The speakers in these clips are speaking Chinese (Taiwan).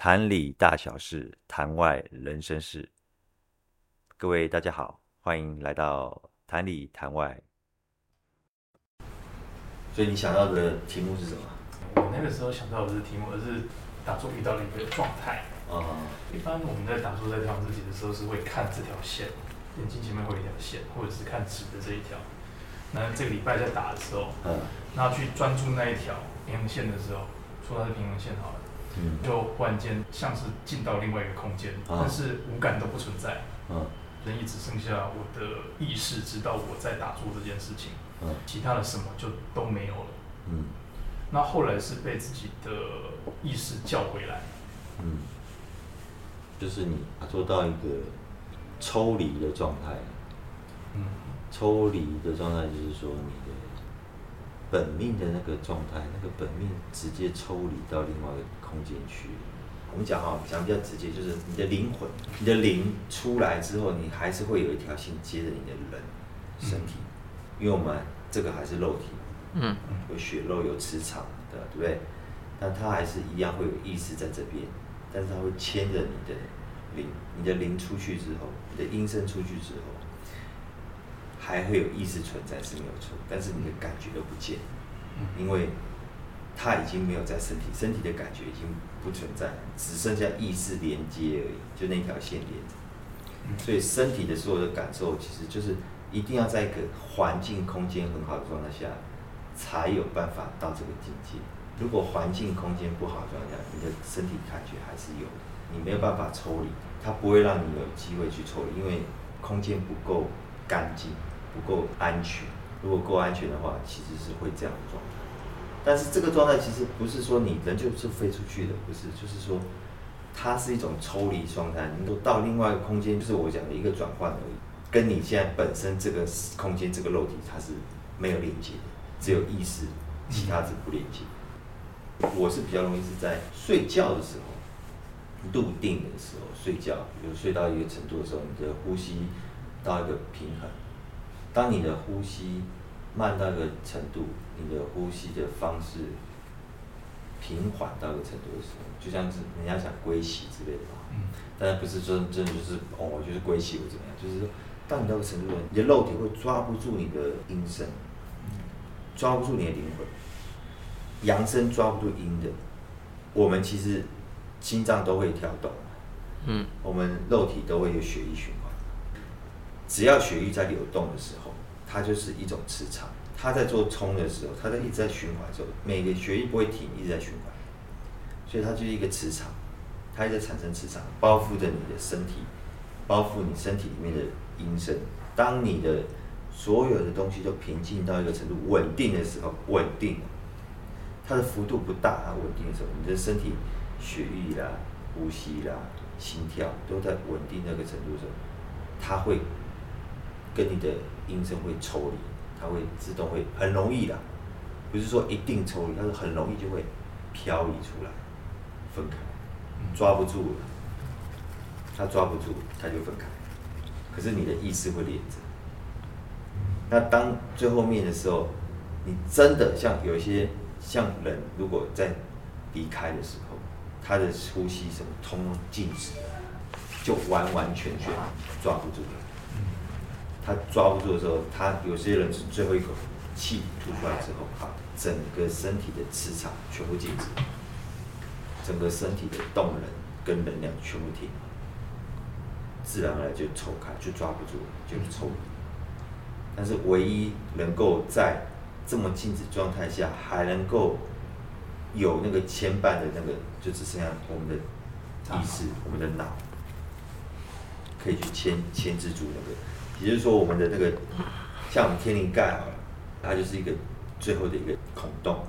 壇裡大小事，壇外人生事。各位大家好，歡迎來到壇裡壇外。所以你想到的題目是什麼？我那個時候想到不是題目，而是打坐遇到了一個狀態。Uh -huh. 一般我們在打坐在調整自己的時候是會看這條線，眼睛前面會有一條線，或者是看直的這一條。那這個禮拜在打的時候，嗯，那去專注那一條平衡線的時候，說它是平衡線好了。嗯、就忽然間像是進到另外一個空間，啊，但是五感都不存在，啊，人一直剩下我的意識知道我在打坐這件事情，啊，其他的什麼就都沒有了，嗯，那後來是被自己的意識叫回來，嗯，就是你做到一個抽離的狀態。嗯，抽離的狀態就是說你的。本命的那個狀態，那個本命直接抽離到另外一個空間去。我們講哈、啊，講比較直接，就是你的靈魂，你的靈出來之後，你還是會有一條線接着你的人身體、嗯，因為我們這個還是肉體，嗯，有血肉有磁場的，對不對？那它還是一樣會有意識在這邊，但是它會牽着你的靈，你的靈出去之後，你的陰身出去之後。還會有意識存在是沒有錯，但是你的感覺都不見，因為它已經沒有在身體，身體的感覺已經不存在，只剩下意識連接而已，就那條線連。所以身體的所有的感受，其實就是一定要在一個環境空間很好的狀態下，才有辦法到這個境界。如果環境空間不好的狀態下，你的身體感覺還是有的，你沒有辦法抽離，它不會讓你有機會去抽離，因為空間不夠乾淨不夠安全。如果夠安全的話，其實是會這樣的狀態。但是這個狀態其實不是說你人就是飛出去的，不是，就是說它是一種抽離狀態，你能夠到另外一個空間，就是我講的一個轉換而已。跟你現在本身這個空間、這個肉體，它是沒有連接的，只有意識，其他是不連接。 我是比較容易是在睡覺的時候，入定的時候睡覺，比如睡到一個程度的時候，你的呼吸到一個平衡。當你的呼吸慢到一個程度，你的呼吸的方式平緩到一個程度的時候，就像是人家講歸息之類的嘛，但不是真真的就是哦，就是歸息或怎麼樣？就是說，到你那個程度的時候，你的肉體會抓不住你的陰身，抓不住你的靈魂，陽身抓不住陰的。我們其實心臟都會跳動，嗯，我們肉體都會有血液循環。只要血液在流動的時候，它就是一種磁場。它在做衝的時候，它在一直在循環的時候，每個血液不會停，一直在循環。所以它就是一個磁場，它一直在產生磁場，包覆着你的身體，包覆你身體裡面的陰身。當你的所有的東西都平靜到一個程度，穩定的時候，穩定了，它的幅度不大，它、啊、穩定的時候，你的身體、血液啦、呼吸啦、心跳都在穩定那個程度的時候，它會。跟你的音聲會抽離，它會自動會很容易的，不是說一定抽離，它是很容易就會飄移出來，分開，抓不住了，他抓不住，他就分開。可是你的意識會連着。那當最後面的時候，你真的像有一些像人，如果在離開的時候，他的呼吸聲通通靜止，就完完全全抓不住了。他抓不住的時候，他有些人是最後一口氣吐出來之後，啊，整個身體的磁場全部靜止，整個身體的動能跟能量全部停，自然而然就抽開，就抓不住，就抽。但是唯一能夠在這麼靜止狀態下還能夠有那個牽絆的那個，就只剩下我們的意識，我們的腦可以去牽牽制住那個。也就是說，我們的那個，像我們天靈蓋好了，它就是一個最後的一個孔洞，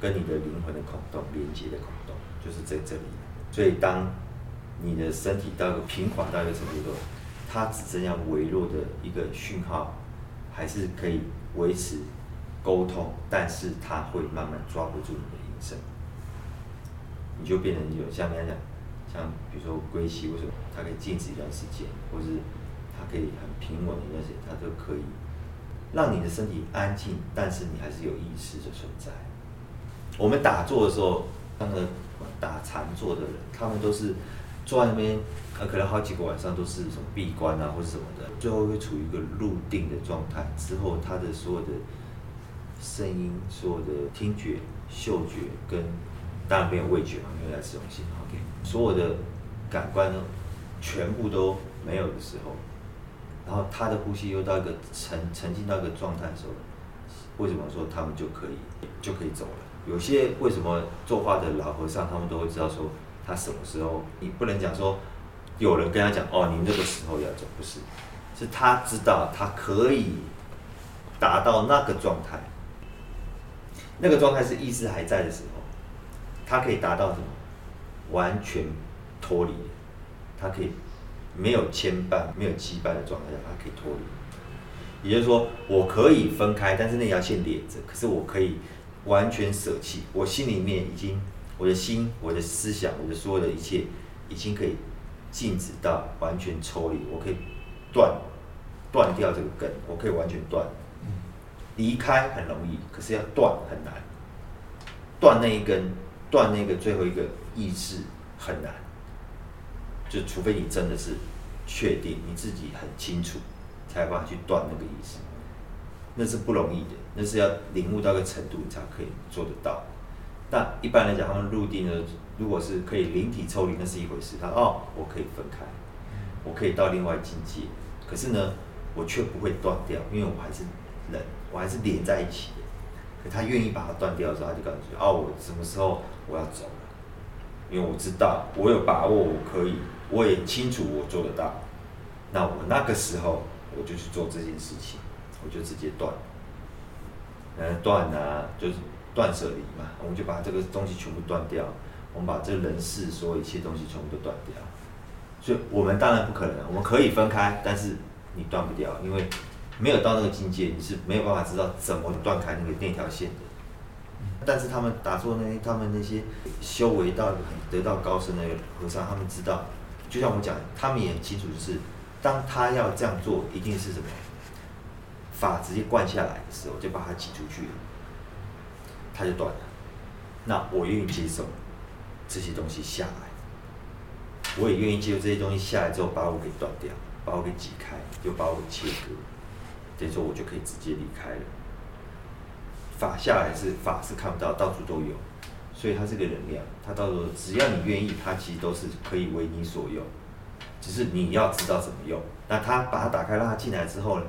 跟你的靈魂的孔洞連接的孔洞，就是在這裡。所以，當你的身體到一個平緩到一個程度，它只剩下微弱的一個訊號，還是可以維持溝通，但是它會慢慢抓不住你的音聲，你就變成有，像剛才講，像比如說龜息，為什麼它可以靜止一段時間，或是？它可以很平穩的那些，而且它都可以讓你的身體安靜，但是你還是有意識的存在。我們打坐的時候，那個打禪坐的人，他們都是坐在那邊，呃，可能好幾個晚上都是什麼閉關啊，或者什麼的，最後會處於一個入定的狀態。之後，他的所有的聲音、所有的聽覺、嗅覺跟當然沒有味覺嘛，沒有在吃東西。OK，所有的感官呢，全部都沒有的時候。然後他的呼吸又到一個沉沉浸到一個狀態的時候，為什麼說他們就可以就可以走了？有些為什麼坐化的老和尚，他們都會知道說他什麼時候？你不能講說有人跟他講哦，你那個時候要走，不是，是他知道他可以達到那個狀態，那個狀態是意識還在的時候，他可以達到什麼？完全脫離，他可以。沒有牽絆、沒有羈絆的狀態下，它可以脫離。也就是說，我可以分開，但是那條線連着。可是我可以完全捨棄，我心裡面已經，我的心、我的思想、我的所有的一切，已經可以靜止到完全抽離。我可以斷斷掉這個根，我可以完全斷。離開很容易，可是要斷很難。斷那一根，斷那個最後一個意志很難。就除非你真的是確定你自己很清楚，才有辦法去斷那個意思，那是不容易的，那是要領悟到一個程度才可以做得到。但一般來講，他們入定呢，如果是可以靈體抽離，那是一回事。他說哦，我可以分開，我可以到另外境界。可是呢，我卻不會斷掉，因為我還是人，我還是連在一起的。可他願意把它斷掉的時候，他就感覺，哦，我什麼時候我要走？因為我知道我有把握，我可以，我也清楚我做得到。那我那個時候我就去做這件事情，我就直接斷，斷啊，就是斷捨離嘛。我們就把這個東西全部斷掉，我們把這個人事所有一切東西全部都斷掉。所以我們當然不可能，我們可以分開，但是你斷不掉，因為沒有到那個境界，你是沒有辦法知道怎麼斷開那個那條線的。但是他們打坐呢，他們那些修為到得道高深的和尚，他們知道，就像我講，他們也很清楚，就是，是當他要這樣做，一定是什麼法直接灌下來的時候，就把它擠出去了，它就斷了。那我願意接受這些東西下來，我也願意接受這些東西下來之後把我給斷掉，把我給擠開，就把我切割，這時候我就可以直接離開了。法下來是法，是看不到，到處都有，所以它是個能量，它到處只要你願意，它其實都是可以為你所用，只、就是你要知道怎麼用。那它把它打開，讓它進來之後呢，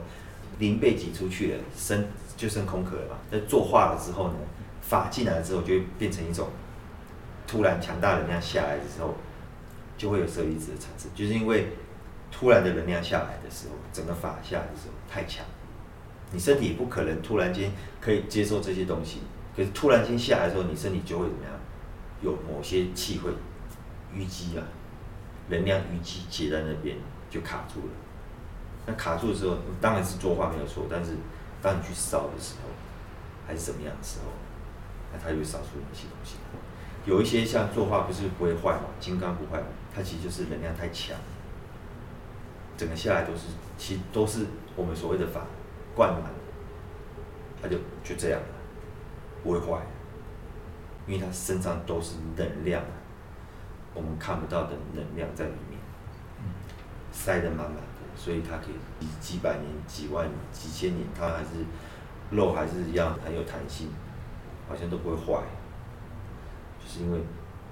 靈被擠出去了，生，就剩空殼了嘛。那坐化了之後呢，法進來之後就會變成一種突然強大的能量下來的時候，就會有舍利子的產生，就是因為突然的能量下來的時候，整個法下來的時候太強。你身體不可能突然間可以接受這些東西，可是突然間下來的時候，你身體就會怎麼樣？有某些氣會淤積啊，能量淤積結在那邊就卡住了。那卡住的時候，當然是坐化沒有錯，但是當你去燒的時候，還是怎麼樣的時候，那它就會燒出一些東西。有一些像坐化不是不會壞嘛，金剛不壞嘛，它其實就是能量太強，整個下來都是，其實都是我們所謂的法。灌滿了，它就就這樣了，不會壞，因為它身上都是能量啊，我們看不到的能量在裡面，嗯，塞得滿滿的，所以它可以幾幾百年、幾萬年、幾千年，它還是肉還是一樣很有彈性，好像都不會壞，就是因為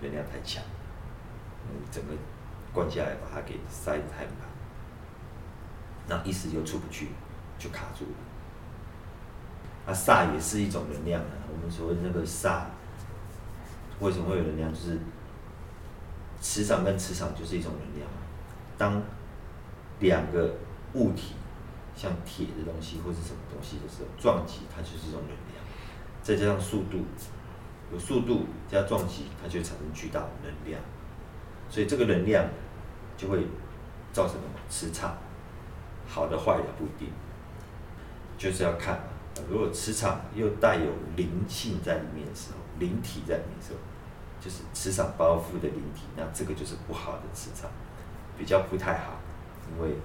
能量太強，嗯，整個灌下來把它給塞得太滿，那一時又出不去。就卡住了。那煞也是一種能量啊。我們所謂那個煞，為什麼會有能量？就是磁場跟磁場就是一種能量。當兩個物體像鐵的東西或是什麼東西的時候，撞擊它就是一種能量。再加上速度，有速度加撞擊，它就產生巨大的能量。所以這個能量就會造成磁場，好的壞的不一定。就是要看，如果磁場又帶有靈性在裡面的時候，靈體在裡面的時候，就是磁場包覆的靈體，那這個就是不好的磁場，比較不太好。因為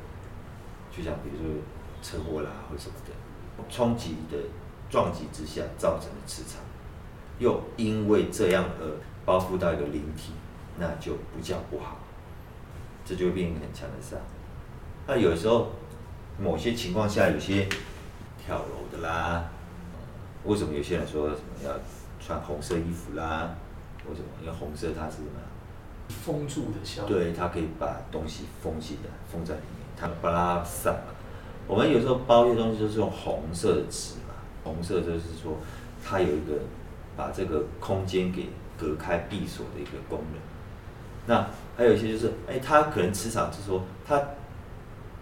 就像比如說車禍啦或什麼的，衝擊的撞擊之下造成的磁場，又因為這樣而包覆到一個靈體，那就不叫不好，這就變成很強的煞啊。那有的時候，某些情況下有些。跳樓的啦，為什麼有些人說什麼要穿紅色衣服啦？為什麼？因為紅色它是什麼？封住的效果。對，它可以把東西封起來，封在裡面，它把它散了。我們有時候包一些東西就是用紅色的紙嘛，紅色就是說它有一個把這個空間給隔開、閉鎖的一個功能。那還有一些就是，哎，它可能磁場就是說它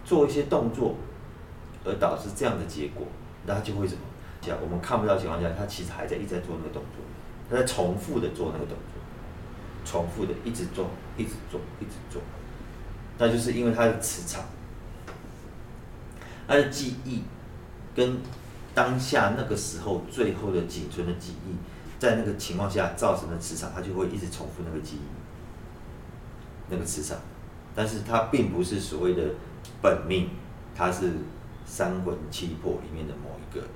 做一些動作。而導致這樣的結果，他就會怎麼樣，我們看不到情況下，他其實還在一直在做那個動作，他在重複的做那個動作，重複的一直做，一直做，一直做。那就是因為他的磁場，他的記憶，跟當下那個時候最後的僅存的記憶，在那個情況下造成的磁場，他就會一直重複那個記憶，那個磁場。但是它並不是所謂的本命，它是。三魂七魄裡面的某一個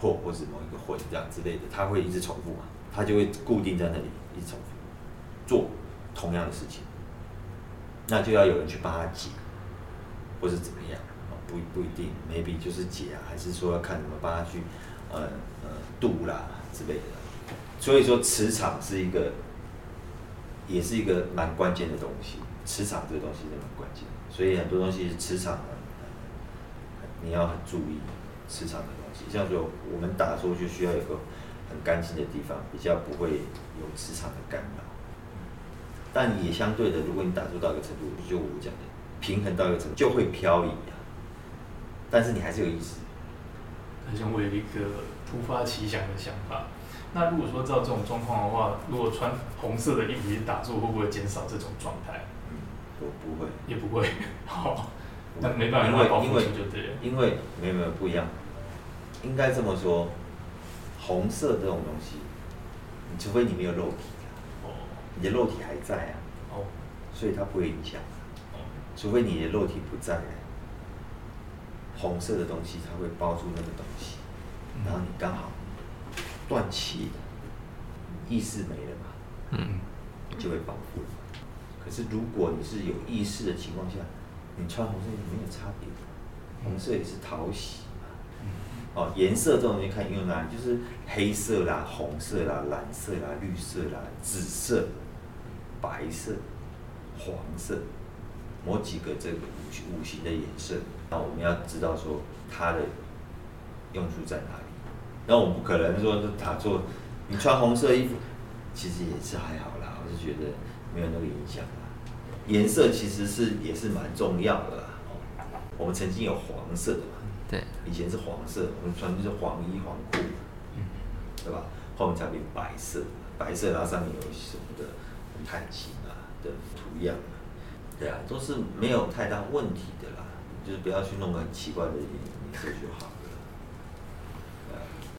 魄，或是某一個魂，這樣之類的，它會一直重複嘛？它就會固定在那裡，一直重複做同樣的事情。那就要有人去幫他解，或是怎麼樣不？不不一定，maybe 就是解啊，還是說要看怎麼幫他去呃，呃度啦之類的。所以說磁場是一個，也是一個蠻關鍵的東西。磁場這個東西是很關鍵，所以很多東西是磁場。你要很注意磁場的東西，像就我們打坐就需要一個很乾淨的地方，比較不會有磁場的干擾。但也相對的，如果你打坐到一個程度，就我講的平衡到一個程度，就會飄移。但是你還是有意思。好像我有一個突發奇想的想法，那如果說照這種狀況的話，如果穿紅色的衣服你打坐，會不會減少這種狀態？嗯，我不會。也不會。好、哦。那沒辦法，因為因為因為沒有沒有不一樣，應該這麼說，紅色這種東西，除非你沒有肉體、啊，你的肉體還在啊，所以它不會影響、啊。除非你的肉體不在、欸、紅色的東西它會包住那個東西，然後你剛好斷氣，意識沒了嘛，就會保護。可是如果你是有意識的情況下，你穿紅色也沒有差別，紅色也是討喜嘛。哦，顏色這種東西看用在哪，就是黑色啦、紅色啦、藍色啦、綠色啦、紫色、白色、黃色，某幾個這個五五行的顏色，那我們要知道說它的用處在哪裡。那我們不可能說是打錯，你穿紅色衣服其實也是還好啦，我是覺得沒有那個影響啦。顏色其實是也是蠻重要的啦，哦，我們曾經有黃色的嘛，對，以前是黃色，我們穿就是黃衣黃褲，嗯、對吧？後面才變白色，白色然後上面有什麼的太極啊的圖樣，對啊，都是沒有太大問題的啦，你就是不要去弄個很奇怪的顏色就好。